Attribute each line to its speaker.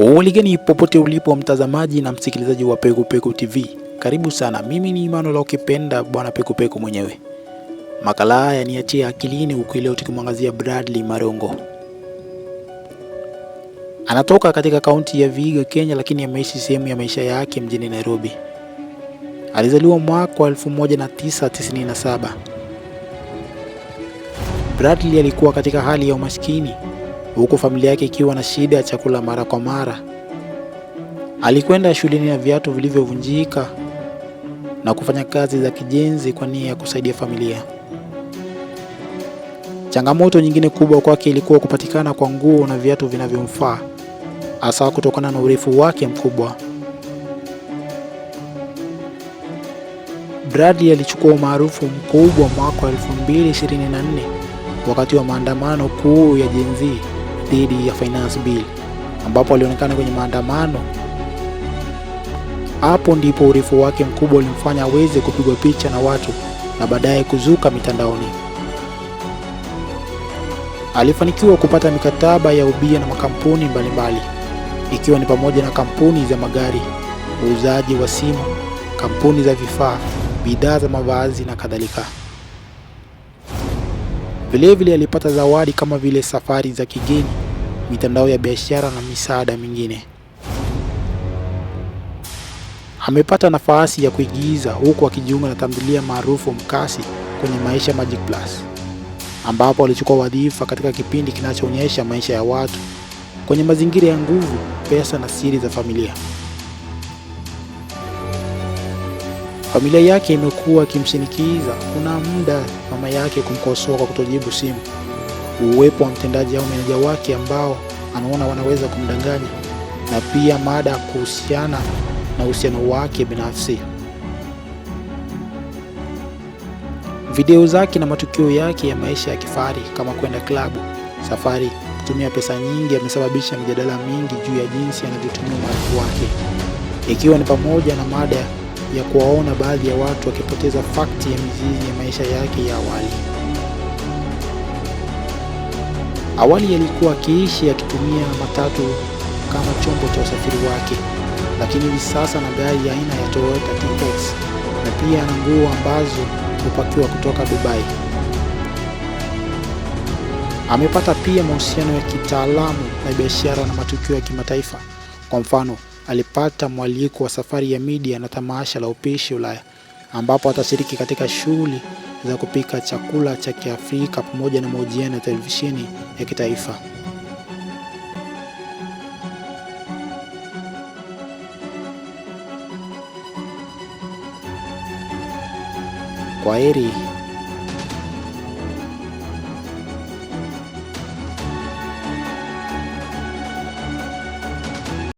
Speaker 1: Uwaligani popote ulipo mtazamaji na msikilizaji wa Pekupeku TV, karibu sana. Mimi ni la ukipenda bwana Pekupeku mwenyewe. Makala haya niachie akilini, huku leo tukimwangazia Bradley Marongo. Anatoka katika kaunti ya Vihiga, Kenya, lakini ameishi sehemu ya maisha yake mjini Nairobi. Alizaliwa mwaka wa 1997. Bradley alikuwa katika hali ya umaskini huku familia yake ikiwa na shida ya chakula mara kwa mara. Alikwenda shuleni na viatu vilivyovunjika na kufanya kazi za kijenzi kwa nia ya kusaidia familia. Changamoto nyingine kubwa kwake ilikuwa kupatikana kwa nguo na viatu vinavyomfaa, hasa kutokana na urefu wake mkubwa. Bradley alichukua umaarufu mkubwa mwaka 2024 wakati wa maandamano kuu ya Gen Z dhidi ya finance bill ambapo alionekana kwenye maandamano. Hapo ndipo urefu wake mkubwa ulimfanya aweze kupigwa picha na watu na baadaye kuzuka mitandaoni. Alifanikiwa kupata mikataba ya ubia na makampuni mbalimbali ikiwa ni pamoja na kampuni za magari, uuzaji wa simu, kampuni za vifaa, bidhaa za mavazi na kadhalika. Vilevile alipata zawadi kama vile safari za kigeni, mitandao ya biashara na misaada mingine. Amepata nafasi ya kuigiza huku akijiunga na tamthilia maarufu Mkasi kwenye Maisha Magic Plus, ambapo alichukua wadhifa katika kipindi kinachoonyesha maisha ya watu kwenye mazingira ya nguvu, pesa na siri za familia. Familia yake imekuwa ikimshinikiza kuna muda mama yake kumkosoa kwa kutojibu simu. Uwepo wa mtendaji au meneja wake ambao anaona wanaweza kumdanganya, na pia mada kuhusiana na uhusiano wake binafsi. Video zake na matukio yake ya maisha ya kifahari kama kwenda klabu, safari, kutumia pesa nyingi yamesababisha mijadala mingi juu ya jinsi anavyotumia umaarufu wake, ikiwa ni pamoja na mada ya kuwaona baadhi ya watu wakipoteza fakti ya mizizi ya maisha yake ya awali. Awali alikuwa akiishi akitumia matatu kama chombo cha usafiri wake, lakini hivi sasa na gari ya aina ya Toyota TX na pia na nguo ambazo hupakiwa kutoka Dubai. Amepata pia mahusiano ya kitaalamu na biashara na matukio ya kimataifa. Kwa mfano, alipata mwaliko wa safari ya media na tamasha la upishi Ulaya, ambapo atashiriki katika shughuli za kupika chakula cha Kiafrika pamoja na mahojiano ya televisheni ya kitaifa. Kwaheri.